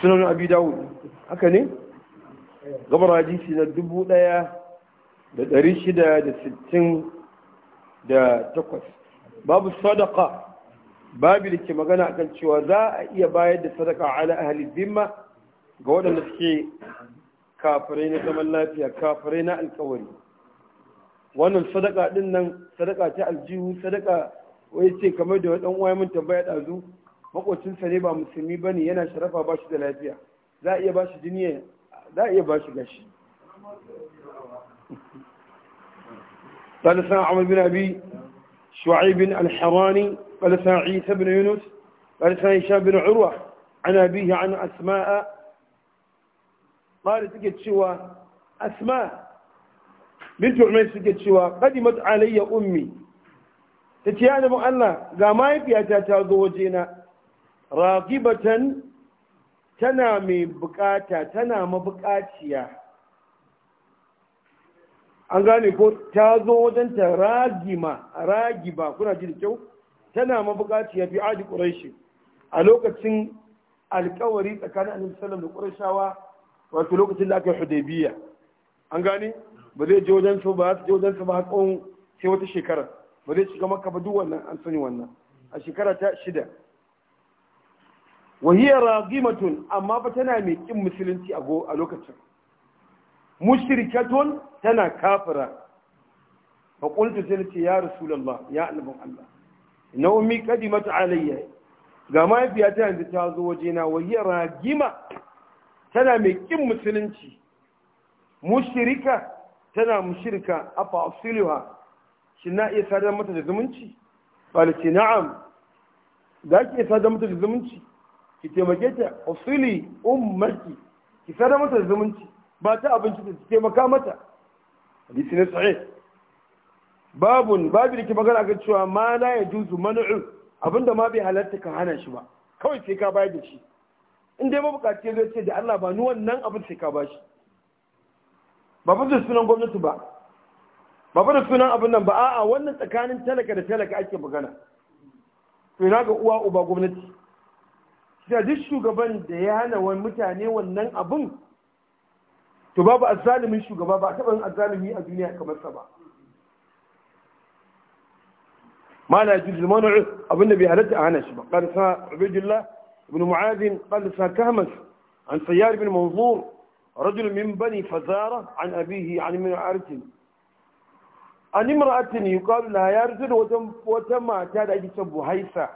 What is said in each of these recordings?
sunan abi dawud haka ne gabar hadisi na dubu ɗaya da ɗari shida da sittin da takwas babu sadaka babu da ke magana kan cewa za a iya bayar da sadaka ala ahli zimma ga waɗanda suke kafirai na zaman lafiya kafirai na alkawari wannan sadaka din nan sadaka ta aljihu sadaka wai ce kamar da waɗanda waya mun tambaya ɗazu makocinsa ne ba musulmi ba ne yana sharafa ba shi da lafiya za a iya ba jini za iya gashi قال سمع عمر بن أبي شعيب بن الحراني قال سمع عيسى بن يونس قال سمع هشام بن عروة عن أبيه عن أسماء قال سكت شوى أسماء بنت عمير سكت شوى قدمت علي أمي تتيانا مؤلاء قام ما يبي أتاتا وجينا ragibatan tana mai bukata tana mabukaciya an gane ko ta zo wajen ta ragima ragiba kuna ji da kyau tana mabukaciya fi adi quraishi a lokacin alkawari tsakanin annabi sallallahu da qurayshawa wato lokacin da aka hudaybiya an gane ba zai je wajen su ba su je wajen su ba tsawon sai wata shekara ba zai shiga makka ba duk wannan an sani wannan a shekara ta shida wahiyar ragimatun amma fa tana mai kin musulunci a lokacin mushrikatun tana kafira fa qultu sai ce ya rasulullah ya annabin Allah na ummi qadimat alayya ga mahaifiyata yanzu ta zo waje na wahiyar ragima tana mai kin musulunci mushrika tana mushrika afa afsiluha Shin na iya sadar mata da zumunci qala na'am za ki iya sadar mata da zumunci ki taimake ta usuli ummarki ki sada mata zumunci ba ta abinci ta taimaka mata hadisi ne sahih babun babu da ke magana kan cewa ma la ya juzu man'u abinda ma bai halatta ka hana shi ba kawai sai ka bayar da shi in dai mabukaci zai ce da Allah ba ni wannan abin sai ka ba shi ba fa da sunan gwamnati ba ba fa da sunan abin nan ba a'a wannan tsakanin talaka da talaka ake magana to ina ga uwa uba gwamnati da duk shugaban da ya hana wa mutane wannan abun to babu azzalimin shugaba ba taɓa yin azzalimi a duniya kamar sa ba mana juzul man'u abinda bai halatta a hana shi ba qala sa ubaydullah ibn mu'adh qala sa kahmas an sayyar ibn manzur رجل من بني فزارة عن أبيه عن امرأة عن امرأة يقال لها يا رجل وتم وتم اعتاد أجي سبو هيسة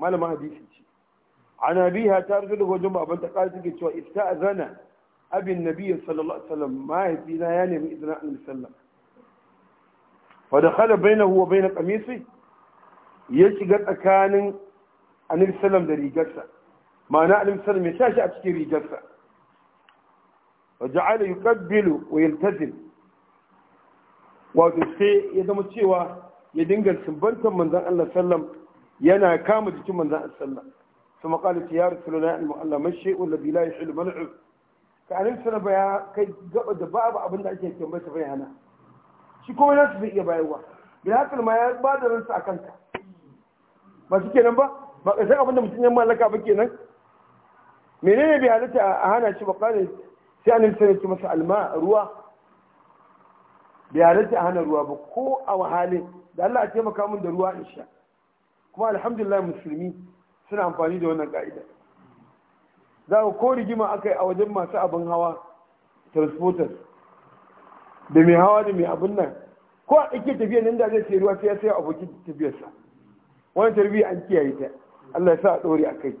ما لما حديثي عن أبيها ترجله وجمع بنت قاسك واستأذن أبي النبي صلى الله عليه وسلم ما يدينا يعني بإذن الله سلم فدخل بينه وبين قميصه يشغل أكان عن النبي صلى الله عليه وسلم ما نعلم صلى الله عليه وسلم يشاشع وجعل يقبل ويلتزم وقال سي يدم الشيوة يدنقل سنبنتم من ذا الله سلم ينا كامل جتم من ذا الله سلم ثم قالت يا رسول الله الله ما الشيء الذي لا يحل ملعب كأنم سنة بيا كي قد باب أبن أجي كم بس بيانا شو كم ناس في إياه بيوا بهذا ما بعد رنسا أكنت بس كنا با بس أبن مسلم ما لك أبن كنا menene bai halitta a hana shi ba kare sai an nisa ne masa alma ruwa bai halitta a hana ruwa ba ko a wahale da Allah a taimaka min da ruwa in sha kuma alhamdulillah musulmi suna amfani da wannan ka'idar za ku ko rigima aka a wajen masu abin hawa transporters da mai hawa da mai abin nan ko a ɗauke tafiya nan da zai ruwa sai ya sai abokin tafiyarsa wani tarbiyya an kiyaye ta Allah ya sa a ɗore a kai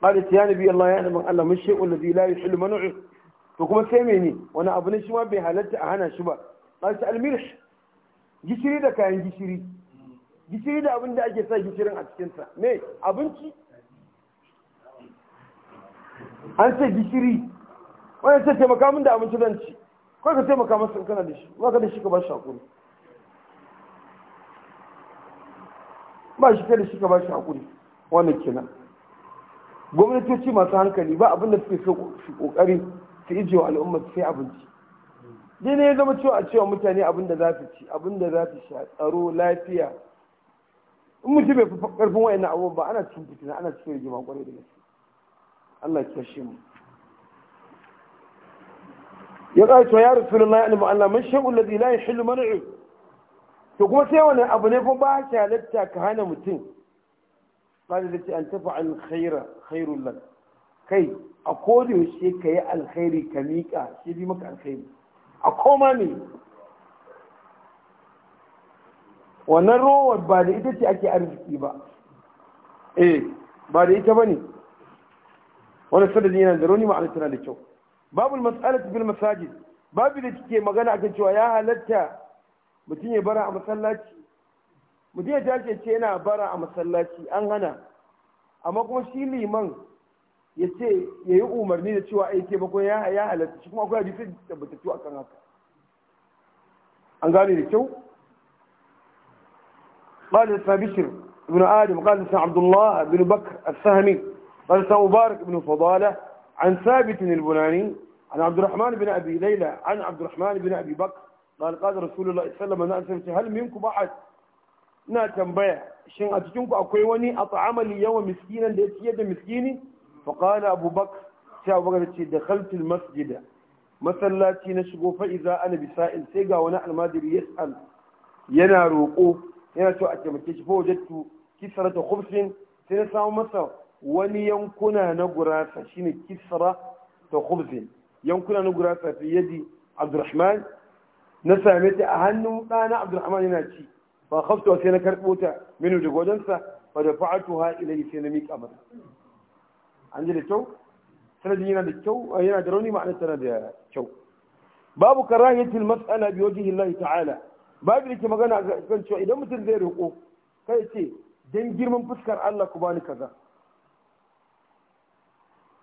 ƙadar ta yana biyan laye anamin Allah mun shi'un da zila ya shi'un manu'i to kuma sai mai ne wani abu na shi ma bai halatta a hana shi ba ƙadar ta almirish gishiri da kayan gishiri gishiri da abin da ake sa gishirin a cikinsa me abinci an ce gishiri wani ce taimaka makamun da abinci zan ci kawai ka taimaka makamun sun kana da shi ba ka da shi ka ba shi hakuri ba shi ka da shi ka ba shi hakuri kina. kenan gwamnatoci masu hankali ba abin da suke su kokari su ije wa al'umma su sai abinci dai ne ya zama cewa a cewa mutane abin da za su ci abin da za su sha tsaro lafiya in mutum bai fi karfin wa'in abubuwan ba ana cikin fitina ana cikin rigima kwarai da gaske Allah ya shi mu ya ƙara cewa ya rasulullahi annabi Allah man shay'u alladhi la yahillu man'u to kuma sai wani abu ne kuma ba ka halatta ka hana mutum qala da ce an tafi al khaira kai a koda yaushe ka yi alkhairi ka miƙa shi bi maka alkhairi a koma ne wannan rowar ba da ita ce ake arziki ba eh ba da ita ba ne wani sadadi yana da rauni ma'ana tana da kyau babul mas'alatu bil masajid babu da kike magana akan cewa ya halatta mutum ya bara a masallaci mutum ya tashi ce yana bara a masallaci an hana amma kuma shi liman ya ce ya yi umarni da cewa ke bako ya halatta shi kuma akwai hadisi tabbatattu akan haka an gane da kyau قال حدثنا بشر بن آدم قال حدثنا عبد الله بن بكر السهمي قال حدثنا مبارك بن فضالة عن ثابت البناني عن عبد الرحمن بن أبي ليلى عن عبد الرحمن بن أبي بكر قال قال رسول الله صلى الله عليه وسلم هل منكم أحد نا تنبيع شن أتجنكم أكويوني أطعم اليوم مسكينا لأتي يد مسكيني فقال أبو بكر شاو بكر دخلت المسجد مثلا لا تي نشقو فإذا أنا بسائل سيقا ونحن ما دري يسأل ينا روقوه yana so a taimake shi fa wajattu kisara ta khubsin sai na samu masa wani yankuna na gurasa shine kisara ta khubsin yankuna na gurasa fi yadi abdurrahman na same ta a hannun ɗana abdurrahman yana ci fa khaftu sai na karɓo ta minu daga wajensa ba da fa'atuha ilayhi sai na miƙa masa an ji da kyau sanadin yana da kyau yana da rauni ma'ana tana da kyau babu karahiyatil mas'ala bi wajhi Allah ta'ala babu ke magana kan cewa idan mutum zai roƙo kai ya ce don girman fuskar Allah ku bani kaza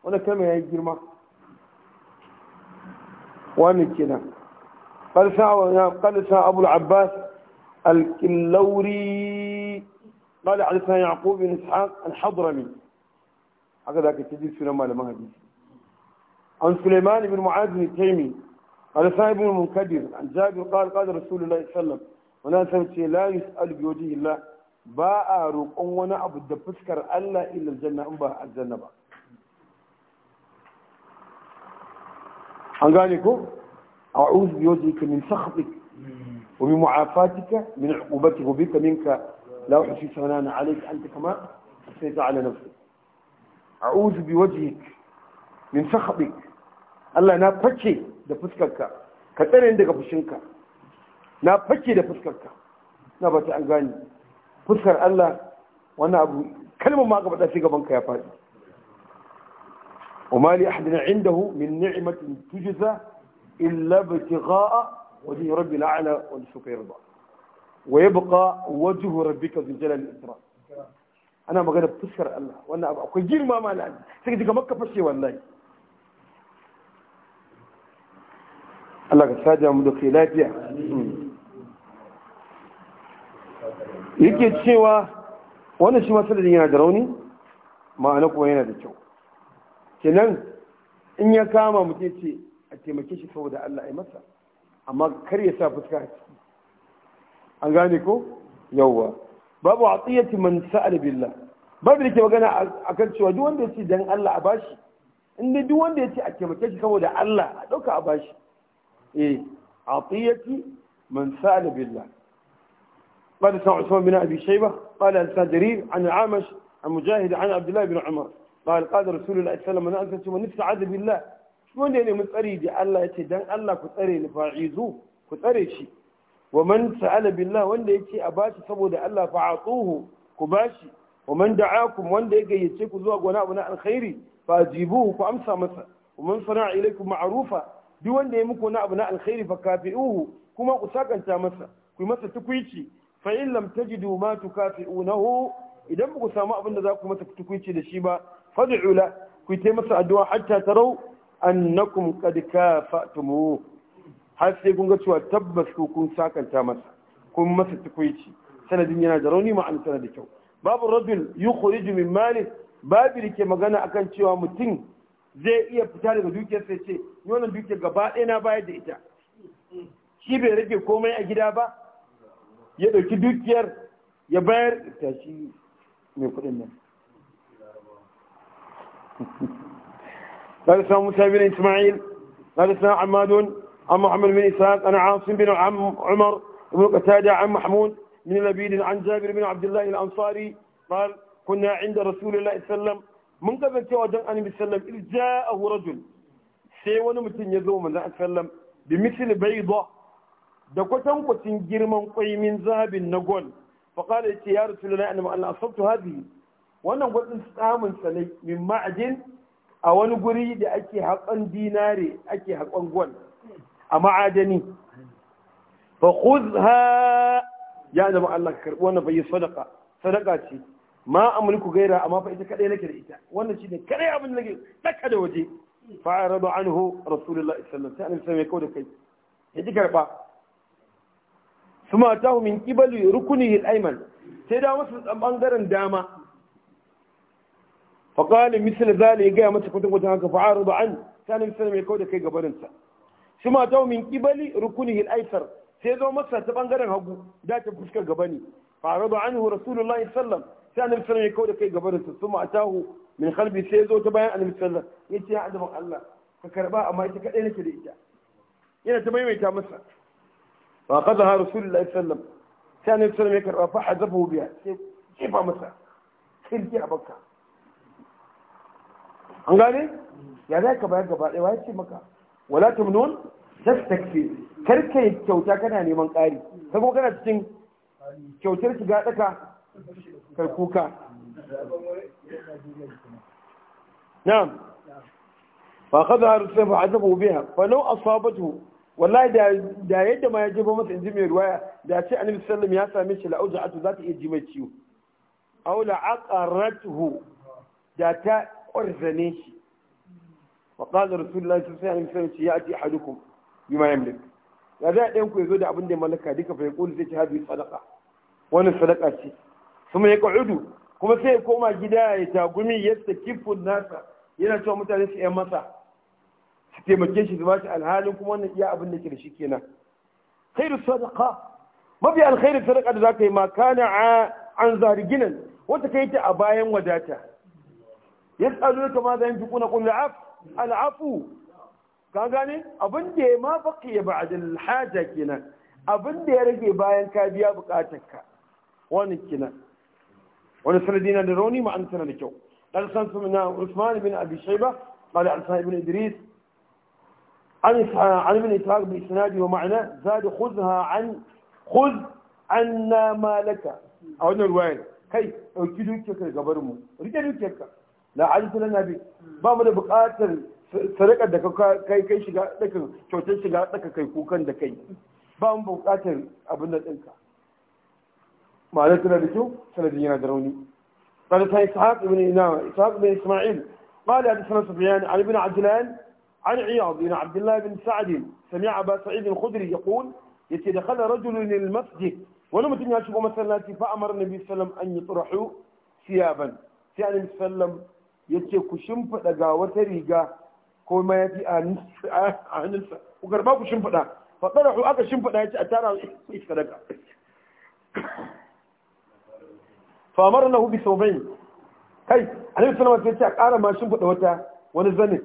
wani kama ya yi girma wani kenan ƙarsa wa ya ƙarsa abul abbas al-kilauri ƙada alisa ya ƙobi na sa'an al-hadrami haka za ka ce jisunan malaman hadisi an suleiman ibn mu'adini taimi على صاحب المنكدر عن جابر قال قال رسول الله صلى الله عليه وسلم ولا سمتي لا يسأل بوجه الله باء روقون وانا أبو الدفسكر ألا إلا الجنة أم با الجنة با أنقالكم أعوذ بوجهك من سخطك وبمعافاتك من عقوبتك وبك منك لا أحصي ثناء عليك أنت كما أثنيت على نفسك أعوذ بوجهك من سخطك الله أنا فتشي da fuskarka ka tsare daga fushinka na fake da fuskarka na ba ta an gani fuskar Allah wani abu kalmar ma aka faɗa gaban gabanka ya faɗi وما لأحد عنده من نعمة تجزى إلا ابتغاء وجه ربي الأعلى والشكر يرضى ويبقى وجه ربك ذو الجلال والإكرام أنا ما magana fuskar الله وأنا أبقى akwai ما مال عندي سيدي كما كفشي والله Allah ka saja mu da kai lafiya yake cewa wannan shi masalin yana da rauni ma'ana kuma yana da kyau kenan in ya kama mutum ce a taimake shi saboda Allah ya masa amma kar ya sa fuska a ciki an gane ko yawwa babu a tsiyati man sa'ar billah babu da ke magana a kan cewa duk wanda ya ce dan Allah a bashi inda duk wanda ya ce a taimake shi saboda Allah a ɗauka a bashi eh atiyati man sa'ala billah قال سمع عثمان بن أبي شيبة قال أنسان جرير عن العامش عن مجاهد عن عبد الله بن عمر قال قال رسول الله صلى الله عليه وسلم من استعاذ بالله شلون يعني من تري دي الله يتي دان الله كتري فاعيزوه كتري شي ومن سأل بالله وان يتي أباشي سبو دي الله فعطوه كباشي ومن دعاكم وان يجي يتيكو زواج وناء وناء الخير فأجيبوه فأمسى مسا ومن صنع إليكم معروفا duk wanda ya muku na abu na alkhairi fa kafi'uhu kuma ku sakanta masa ku masa tukuici fa in lam tajidu ma tukafi'unahu idan ku samu abin da za ku masa tukuici da shi ba fad'u la ku yi masa addu'a hatta tarau annakum qad kafatumu har sai kun ga cewa tabbas ku kun sakanta masa kun masa tukuici sanadin yana da rauni ma'an sanadi kyau babu rajul yukhriju min mali babu da ke magana akan cewa mutum zai iya fita daga dukiyar sai ce yawan dukiyar gaba ɗaya na bayar da ita shi bai rage komai a gida ba ya ɗauki dukiyar ya bayar ta shi mai kuɗin nan ɗaga samun musa bin ismail ɗaga an muhammadu bin isra'ad an asin bin umar ibn qatada an mahmud min labidin an jabir bin abdullahi al-ansari qal kunna inda rasulillahi sallallahu mun kasance wajen annabi sallam irja a rajul sai wani mutum ya zo manzon sallam bi bai bayda da kwatankwacin girman kwai min zabin na gol faqala yace ya rasulullahi annabi Allah asabtu hadhihi wannan gwadin samun sanai min ma'adin a wani guri da ake haƙon dinare ake haƙon gol a ma'adani fa khudha ya annabi Allah karbi wannan bai sadaka sadaka ce ma gaira amma fa ita kadai nake da ita wannan shine kadai abin da nake saka da waje fa aradu anhu rasulullahi sallallahu alaihi wasallam da kai ya ji karba suma tahu min qibali rukunihi al-ayman sai da masa bangaren dama fa qala ga mata haka fa aradu an sallallahu alaihi wasallam da kai gabarin sa suma min rukunihi al-aysar sai ta bangaren hagu da ta fuskar gaba ne fa aradu anhu rasulullahi sallallahu sai annabi sallallahu alaihi wasallam ya kawo da kai gaba da su suma atahu min qalbi sai zo ta bayan annabi sallallahu alaihi wasallam yace ya annabin Allah ka karba amma ita kadai nake da ita yana ta maimaita masa wa qadaha rasulullahi sallallahu alaihi wasallam sai annabi sallallahu alaihi wasallam ya karba fa hazafu biya sai kifa masa kirki a baka. an gane ya za ka bayar gaba ɗaya ya ce maka wala tamnun tastakfi kar kai kyauta kana neman ƙari kai kuma kana cikin kyautar shiga tsaka kai kuka na'am fa har sai fa azabu biha fa law asabatu wallahi da yadda ma ya jefa masa inji mai ruwaya da ce annabi sallallahu ya same shi la'uja'atu za ta iya ji mai ciwo aw la'aqaratuhu da ta ƙwarzane shi wa qala rasulullahi sallallahu alaihi wasallam ya ati ahadukum bima yamlik ya za ɗayan ku ya zo da abin da ya mallaka duka fa yaqulu zai ci hadu sadaqa wannan sadaqa ce kuma ya ƙa'udu kuma sai ya koma gida ya tagumi ya takifu nasa yana cewa mutane su ‘yan masa su taimake shi su ba shi alhalin kuma wannan iya abin da ke da shi kenan khairu sadaqa mafi alkhairu sadaqa da zaka yi ma kana an zariginan wata kai ta a bayan wadata yas'aluka ma za yanfiquna qul al'af al'afu ka gane abin da ya ma baqiya ba'd al kenan abin da ya rage bayan ka biya bukatarka wannan kenan wani sanadi na da rauni ma'an sana da kyau dan san su na Usman bin Abi Shayba قال عن صاحب بن إدريس عن عن ابن إسحاق بإسناد ومعنى زاد خذها a wannan ruwaya kai لك أو الرواية كي أوكي دوكيك غبرمو رجع دوكيك لا عجز bi ba mu da buƙatar sadaka da kai kai shiga dakin kyautar shiga dakin kai kukan da kai ba mu buƙatar abin da ما لكنا بتو سندينا قال سيدنا إسحاق بن إسحاق بن إسماعيل قال حدثنا سفيان عن ابن عبد الله عن عياض بن عبد الله بن سعد سمع أبا سعيد الخدري يقول دخل رجل للمسجد ولم تنيا شوف مثلا فأمر النبي صلى الله عليه وسلم أن يطرحوا ثيابا يعني النبي صلى الله عليه وسلم يتشكو شنف لقا وتريقا كو ما يدي أنس أنس وقرباكو شنف فطرحوا أكا شنف لقا أتارا إيش كدقا famar na hubi sau bai kai a nufin sanarwa sai ce a ƙara mashin faɗa wata wani zanin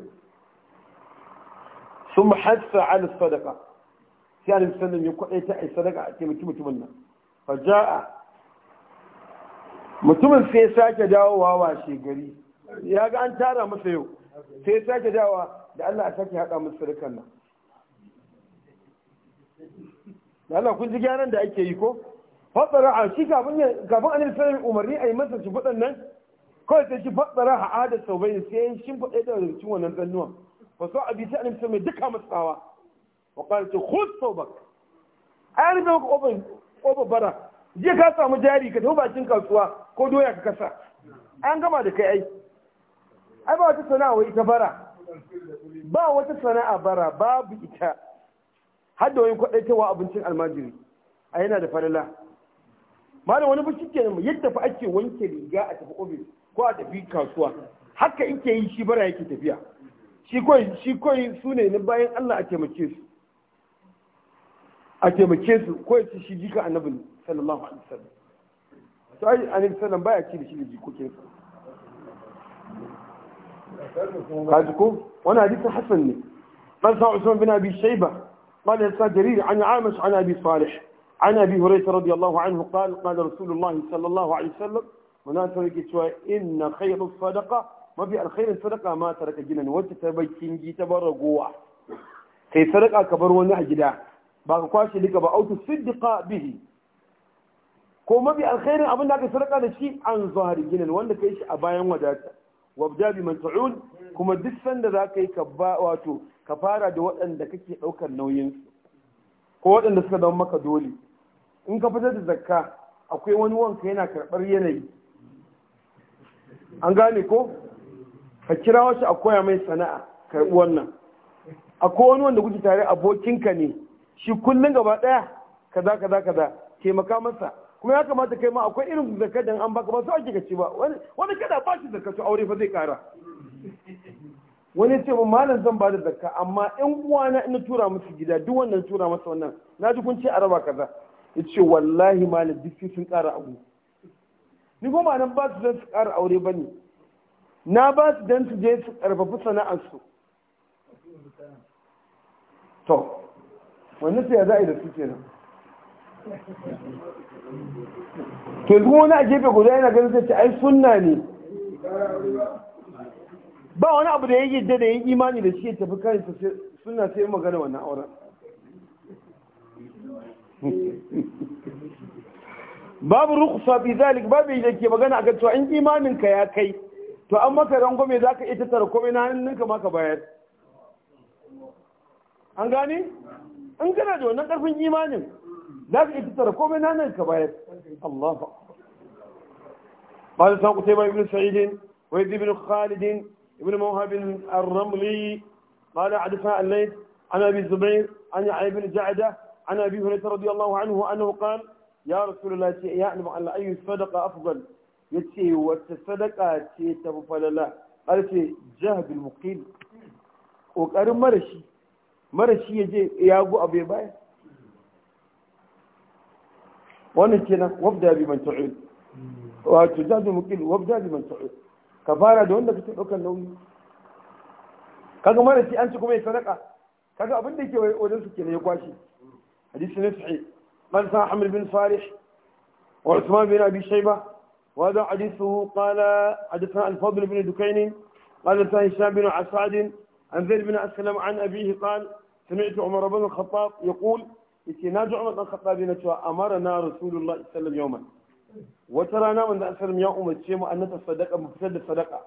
sun a ala sadaka sai a nufin sanarwa ya kwaɗai ta a sadaka a ce mutum mutumin nan fa ja'a mutumin sai sake dawowa wa shegari. ya ga an tara masa yau sai sake dawowa da Allah a sake haɗa masa sadakan nan da Allah kun ji gyaran da ake yi ko fatsara a shi kafin annabi sallallahu umarni a yi masa shi faɗan kawai sai shi fatsara a adar sau bai sai yin shi faɗa da rikicin wannan tsannuwa. ba so a bi sai annabi sallallahu duka masu wa ƙara ce hot sau bak a yi rufe maka ƙofar bara je ka samu jari ka tafi bakin kasuwa ko doya ka kasa an gama da kai ai ai ba wata sana'a wai ita bara ba wata sana'a bara babu ita har da wani kwaɗaitawa abincin almajiri a yana da falala malam wani bashi ke nan yadda fa ake wanke riga a tafi ofis ko a tafi kasuwa haka yake yi shi bara yake tafiya shi koyi shi koi su ne na bayan Allah a taimake su a taimake su ko yace shi jika annabi sallallahu alaihi wasallam to ai annabi sallam baya ci da shi da jikokin sa kaji ko wani hadisi hasan ne قال Usman bin Abi Shayba قال يسا جرير عن عامش عن أبي صالح عن أبي هريرة رضي الله عنه قال قال رسول الله صلى الله عليه وسلم مناسبة كتوى إن خير الصدقة ما في الخير الصدقة ما ترك جنا وتتبكين جي تبرقوا كي صدقة كبر ونحجدا باقي كواشي لك أو تصدق به ko mafi alkhairin abin da aka sarƙa da shi an zuhari ginin wanda ka yi shi a bayan wadata wabda bi mas'ud kuma duk sanda za ka yi ka ba wato ka fara da waɗanda kake ɗaukar nauyinsu ko waɗanda suka zama maka dole in ka fitar da zakka akwai wani wanka yana karɓar yanayi an gane ko ka kira wasu a koya mai sana'a karɓi wannan akwai wani wanda kuke tare abokinka ne shi kullum gaba ɗaya kaza kaza kaza taimaka masa kuma ya kamata kai ma akwai irin zakka dan an baka ba su ake kaci ba wani kada ba shi zakka to aure fa zai ƙara wani ce ba malam zan ba da zakka amma 'yan uwana ina tura musu gida duk wannan tura masa wannan na ji kun ce a raba kaza ya ce wallahi malam duk sun ƙara abu ni goma nan ba su don su ƙara aure ba ne na ba su don su je su ƙarfafi sana'arsu to wani sai ya za a da su kenan to kuma wani a gefe guda yana ganin sai ce ai sunna ne ba wani abu da ya yi da ya imani da shi ya tafi kansa suna sai magana wannan auren babu rukhsa bi babu da ke magana akan cewa in imanin ka ya kai to an maka rangwame zaka ita tara komai na hannun ka maka bayar an gane in kana da wannan karfin imanin zaka ita tara komai na hannun ka bayar Ba Allahu قال سوق تيمة بن سعيد ويزيد بن خالد بن موهب الرملي قال حدثنا الليث عن ابي الزبير عن علي بن جعده عن أبي هريرة رضي الله عنه أنه قال يا رسول الله يعلم على أي صدقة أفضل يتي والصدقة تيتب فلله قال تي جهد المقيم وقال مرشي مرشي يجي ياغو أبي باي وانا كنا وابدأ بمن تعود وتجاهد المقيم وابدأ بمن تعود كفارة دون لك تدعوك النوم kaga marashi an ci kuma ya sadaka kaga abin da ke حديث نفعي قال أحمد بن صالح وعثمان بن أبي شيبة وهذا حديثه قال حدثنا الفضل بن دكين قال حدثنا هشام بن عسعد عن زيد بن أسلم عن أبيه قال سمعت عمر بن الخطاب يقول اتناج عمر بن الخطاب نتوى أمرنا رسول الله صلى الله عليه وسلم يوما وترانا من أسلم يا أمة شيما أن تصدق مفسد الصدقة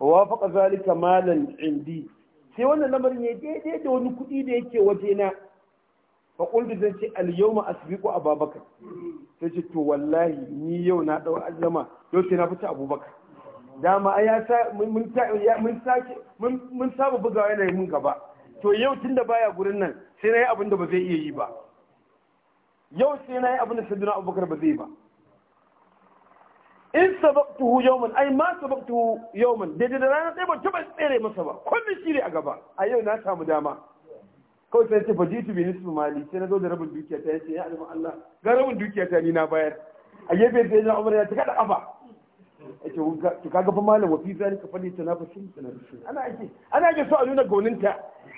ووافق ذلك مالا عندي sai wannan lamarin ya daidai da wani kuɗi da yake wajena fa qultu zan ce al yawma asbiqu ababakar sai ce to wallahi ni yau na dau azama yau sai na fita abubakar dama ai ya sa mun mun sake mun saba bugawa yana mun gaba to yau tunda baya gurin nan sai na yi abin da ba zai iya yi ba yau sai na yi abin da sayyidina abubakar ba zai yi ba in sabaqtuhu yawman ai ma sabaqtuhu yawman daidai da rana ɗaya ban taɓa tsere masa ba kullum shi ne a gaba a yau na samu dama kawai sai ce fajitu bi nisfi mali sai na zo da rabin dukiya ta yace ya alimu Allah ga rabin dukiya ta ni na bayar a gefe sai ya Umar ya ta kada afa yace "Ka kaga fa malam wa fi zalika fa lita nafasin tanafasin ana yake ana yake so a nuna gauninta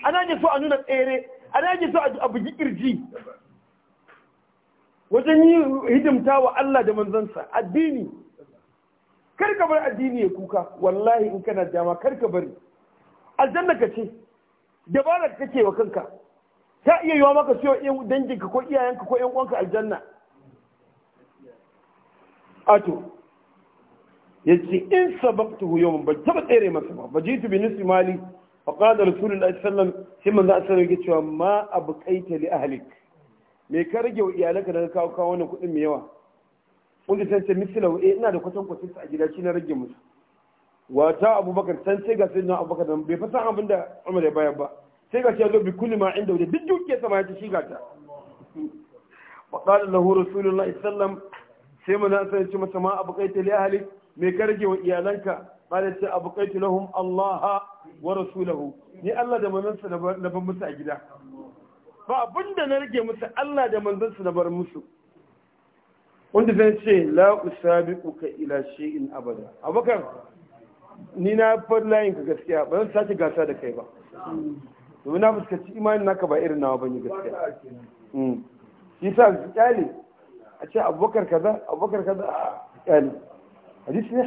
ana yake so a nuna tsere ana yake so a bugi kirji wajen yi hidimta wa Allah da manzansa addini kar ka bar addini ya kuka wallahi in kana dama kar ka bari aljanna ka ce dabarar kake wa kanka ta iya yiwa maka ciwo danginka ko iyayenka ko yan uwanka aljanna ato yace in sabaqtuhu yawman ba taba tsere masa ba ba jitu bi nisi mali fa qala rasulullahi sallallahu alaihi wasallam sai manzo sallallahu alaihi cewa ma abqaita li ahlik me ka rage wa iyalanka da kawo kawo wannan kuɗin mai yawa kun san ce mislahu eh ina da kwatan kwatan a gida shi na rage musu wata abubakar san sai ga sayyidina abubakar bai fasa abin da umar ya bayar ba sai ga ya zo bi kulli ma inda wajen duk dukiyar sama ya ci shi gata wa qala lahu rasulullahi sallam sai mun san ya ce masa ma abu kaita li ahli me ka rage wa iyalanka qala sai abu kaita lahum Allah wa rasulahu ni Allah da manzansa na ban musu a gida ba abinda na rage musu Allah da manzansa na bar musu wanda zan ce la usabiquka ila shay'in abada abakan ni na far layin ka gaskiya ba zan sace gasa da kai ba domin na fuskanci imanin naka ba irin nawa bane gaskiya mm. shi sa su kyale a ce abubakar kaza abubakar kaza a kyale hadisi ne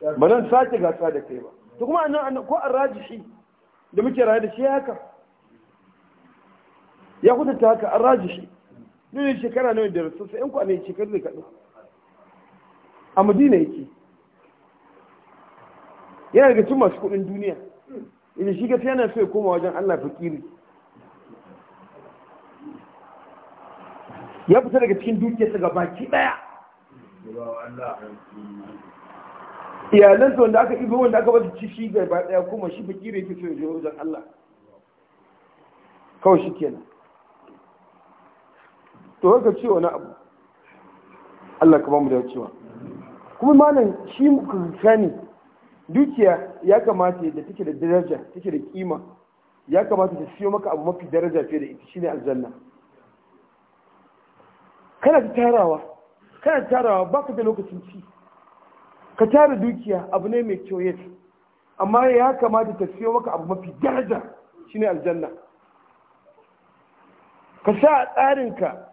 yi ba nan sake gasa da kai ba to kuma annan ko an shi. da muke raye da shi haka ya ta haka an shi. ne ne shekara nawa da rasu sai in kwanai shekaru zai kaɗan a madina yake yana daga tun masu kuɗin duniya idan shi gaskiya yana so ya koma wajen Allah fakiri ya fita daga cikin dukiyarsa ga baki daya iyalansa wanda aka ibo wanda aka bata ci shi gaba daya kuma shi fakiri yake so ya je wajen Allah kawai shi kenan to haka ce wani abu Allah ka ba mu da cewa kuma malam shi ka sani dukiya ya kamata da take da daraja take da kima ya kamata ta siyo maka abu mafi daraja fiye da ita shine aljanna kana ta tarawa kana tarawa baka da lokacin ci ka tara dukiya abu ne mai kyau yake amma ya kamata ta siyo maka abu mafi daraja shine aljanna ka sa a tsarinka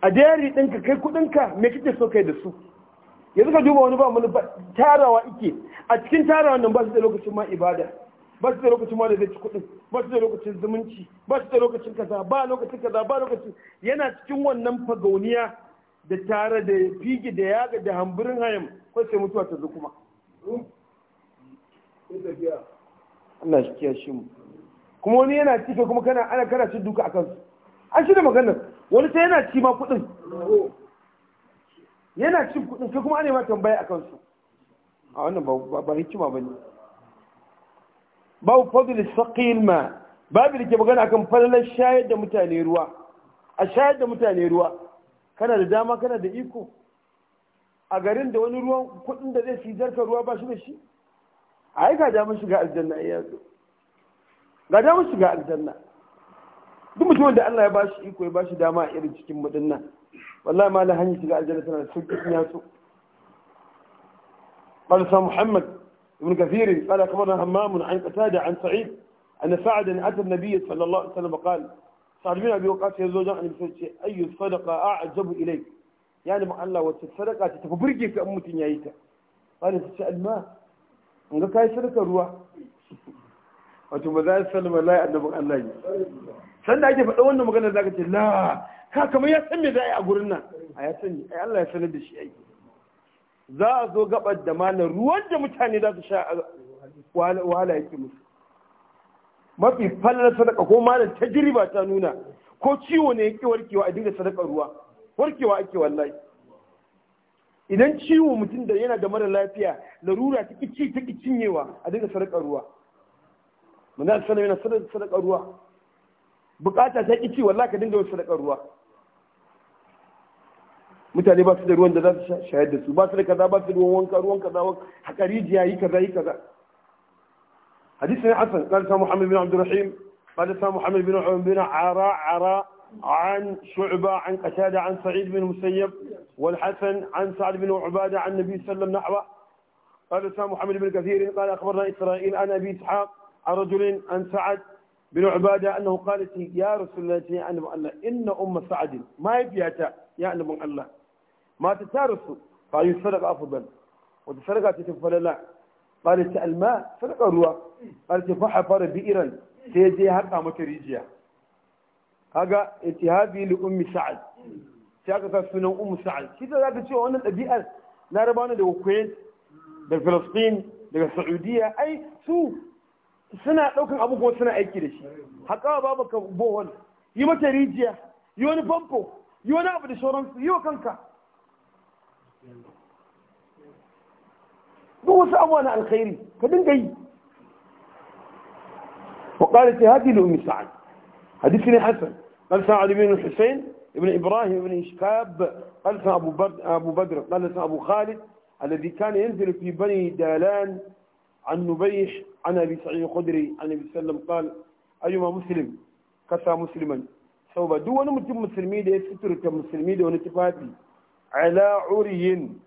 a jari ɗinka kai kuɗinka me kake so kai da su yanzu ka duba wani ba wani tarawa ike a cikin tarawa nan ba su da lokacin ma ibada ba su da lokacin ma da zai ci kuɗin ba su da lokacin zumunci ba su da lokacin kaza ba lokacin kaza ba lokacin yana cikin wannan fagauniya da tare da figi da yaga da hamburin hayam ko sai mutuwa ta zo kuma Allah shi shi mu kuma wani yana ci kuma kana ana kana cin duka akan su an shi da maganar wani sai yana ci ma kuɗin yana cin kuɗin kai kuma ana matan tambaya a kansu a wannan ba hikima ba ne babu fadil saƙil ma babu da ke magana akan falalar shayar da mutane ruwa a shayar da mutane ruwa kana da dama kana da iko a garin da wani ruwan kuɗin da zai sizar ka ruwa ba shi da shi a yi ga damar shiga aljanna ya yanzu ga damar shiga aljanna duk mutumin da Allah ya ba shi iko ya ba shi dama a irin cikin muɗin nan والله ما لها hanyar shiga جلسنا tana da قال ya محمد ابن كثير قال أخبرنا همام عن قتادة عن سعيد أن سعدا أتى النبي صلى الله عليه وسلم قال سعد بن أبي وقاص يزوج عن النبي أي صدقة أعجب إليك يعني مع الله والصدقة تتفبرجي في أمة نيايتها قال سأل ما أنك كاي صدقة روا وتم ذلك za الله salama la ya annabin Allah ne sannan ake faɗa wannan maganar zaka ce la ka kamar ya san me za a yi a gurin nan a ya sani ai Allah ya sanar da shi ai za a zo gabar da malar ruwan da mutane za su sha wahala yake musu mafi fallar sadaka ko malar tajriba ta nuna ko ciwo ne yake warkewa a dinga sadaka ruwa warkewa ake wallahi idan ciwo mutum da yana da mara lafiya larura ta kici ta cinyewa a dinga sadaka ruwa mun sallallahu sanar yana sadaka ruwa bukata ta kici wallahi ka dinga sadaka ruwa mutane ba su da ruwan da za su shayar da su ba su da kaza ba su da ruwan wanka ruwan kaza wanka haka rijiya yi kaza yi kaza hadisi ne hasan kan sa muhammad bin abdurrahim قال سام محمد بن عمر بن عرا عرا عن شعبة عن قتادة عن سعيد بن مسيب والحسن عن سعد بن عبادة عن النبي صلى الله عليه وسلم نحوه قال سام محمد بن كثير قال أخبرنا إسرائيل عن أبي إسحاق عن رجل عن سعد بن عبادة أنه قالت يا رسول الله يا أنب الله إن أم سعد ما يبيعت يا أنب الله mata ta rasu fa yi sadaka afdal wata sadaka ce ta falala bari ta alma sadaka ruwa bari ta faha fara bi'iran sai je haƙa mata rijiya kaga ittihabi li ummi sa'ad sai aka sa sunan ummu sa'ad shi ta zaka cewa wannan Na laraba ni daga kuwait da filistin daga saudiya ai su suna ɗaukan abu suna aiki da shi haƙawa babu ka bohol yi mata rijiya yi wani famfo yi wani abu da sauransu yi wa kanka duk wasu abuwa na alkhairi وقالت هذه لأم سعد حديثنا حسن قال سعد بن الحسين ابن إبراهيم بن إشكاب قال أبو أبو بدر قال أبو خالد الذي كان ينزل في بني دالان عن نبيش عن أبي سعيد الخدري عن أبي سلم قال أيما مسلم كسى مسلما سوف دون متم مسلمي كمسلمين ونتفاتي ala uriyin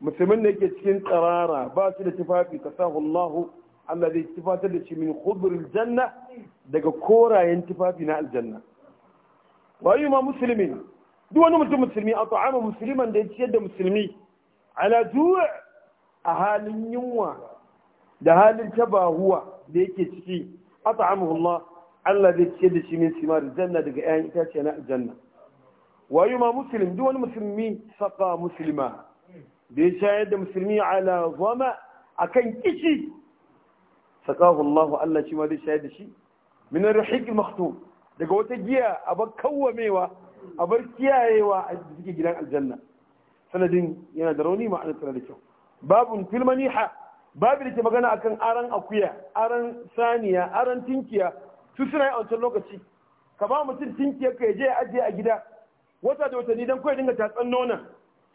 musulmin da yake cikin tsarara ba su da tufafi kasahu Allahu Allah zai tufatar da shi min khudrul janna daga korayen tufafi na aljanna wa ma muslimin duk wani mutum musulmi a ta'ama musulman da ya ciyar da musulmi ala ju'a a halin yunwa da halin tabahuwa da yake ciki a ta'amahu Allah Allah zai ciyar da shi min simar janna daga 'ya'yan itace na aljanna wayu ma muslim duk wani musulmi saka musulma da ya shayar da musulmi ala zama akan kishi sakahu Allah shi ma zai shayar da shi min rahiq maktum daga wata giya a bar kawwamewa a bar kiyayewa a cikin gidan aljanna sanadin yana da rauni ma'ana tana da kyau babun fil babu da ke magana akan aran akuya aran saniya aran tinkiya su suna yi a wancan lokaci ka ba mutum tinkiyar ka ya je ajiye a gida wata da watanni don kawai dinga tatsan nonon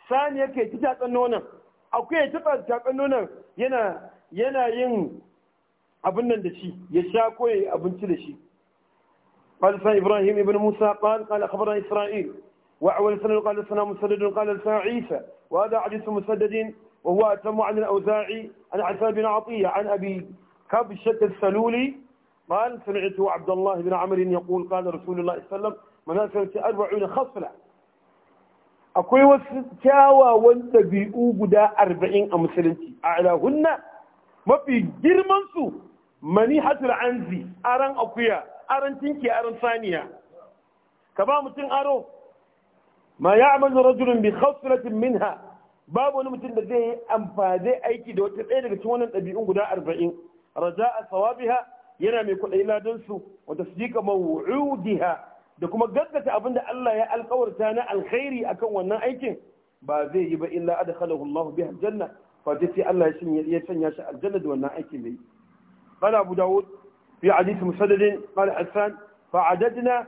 sani yake ci tatsan nonon akwai ta tatsan nonon yana yana yin abin nan da shi ya sha koyi abinci da shi قال سنة إبراهيم بن موسى قال قال أخبرنا إسرائيل وأول سنة قال سنة مسدد قال سنة عيسى وهذا حديث مسدد وهو أتم عن الأوزاعي عن عسى بن عطية عن أبي كبشة السلولي قال سمعت عبد الله بن عمر يقول قال رسول الله صلى الله عليه وسلم manzo sai khasla akwai wasu kyawawan dabi'u guda arba'in a musulunci a alahunna mafi girmansu mani manihatul anzi aran akuya aran tinki aran saniya ka ba mutum aro ma ya'malu rajulun bi khaslatin minha babu wani mutum da zai yi amfani aiki da wata ɗaya daga cikin wannan ɗabi'un guda arba'in raja a sawabiha yana mai kwaɗayi ladansu wata sadiƙa mawu'udiha da kuma gaggata abin da Allah ya alkawarta na alkhairi akan wannan aikin ba zai yi ba illa adkhalahu Allah biha aljanna fa sai Allah ya sanya shi aljanna da wannan aikin da yi qala abu daud fi hadith musaddad qala hasan fa adadna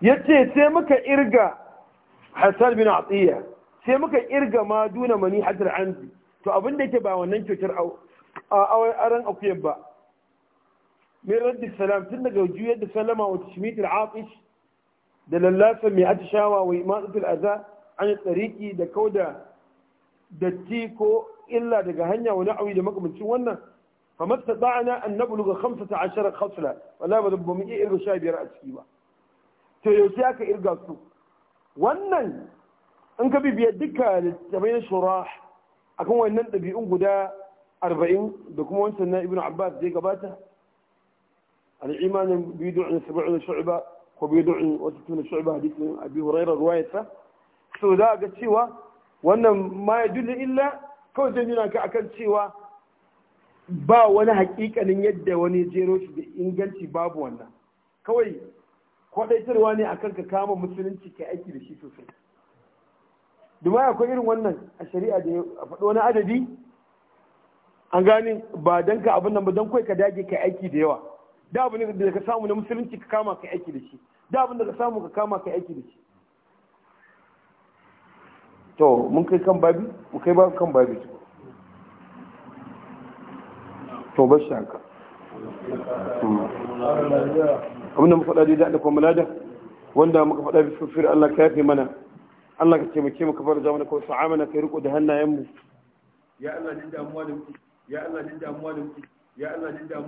yace sai muka irga hasan bin atiya sai muka irga maduna mani hadar anzi to abin da yake ba wannan kyautar aran akuyar ba min da salam daga juyar da salama wa tashmit al-atish da lallasa mai atishawa wa imatsatul aza an tsariki da kauda datti ko illa daga hanya wani awi da makamancin wannan famar ta ba'ana an na buluga hamsa ta ashirar khasla wala ba mu iya irga sha biyar a ciki ba to yaushe aka irga su wannan in ka bibiya duka littattafai na shura akan wannan ɗabi'un guda arba'in da kuma wancan na ibnu abbas da ya gabata الإيمان بيدع سبعون شعبة وبيدع وستون شعبة حديث أبي هريرة روايته سوداء قد سوى وأن ما يدل إلا كون تنجينا كأكد سوى ba wani hakikanin yadda wani jero shi da inganci babu wannan kawai kwadaitarwa ne akan ka kama musulunci ka aiki da shi sosai domin akwai irin wannan a shari'a da a faɗi wani adadi an gani ba don ka abin nan ba don kawai ka dage ka aiki da yawa da ne da ka samu na musulunci ka kama kai aiki da shi da abin da ka samu ka kama kai aiki da shi to mun kai kan babi mu kai babu kan babi to ba shi haka abin da muka faɗa da da kuma mulada wanda muka faɗa bi fufir Allah ka yafe mana Allah ka taimake mu ka bar zamana ko mana kai riko da hannayen mu ya Allah din damuwa da muke ya Allah din damuwa da muke ya Allah din damuwa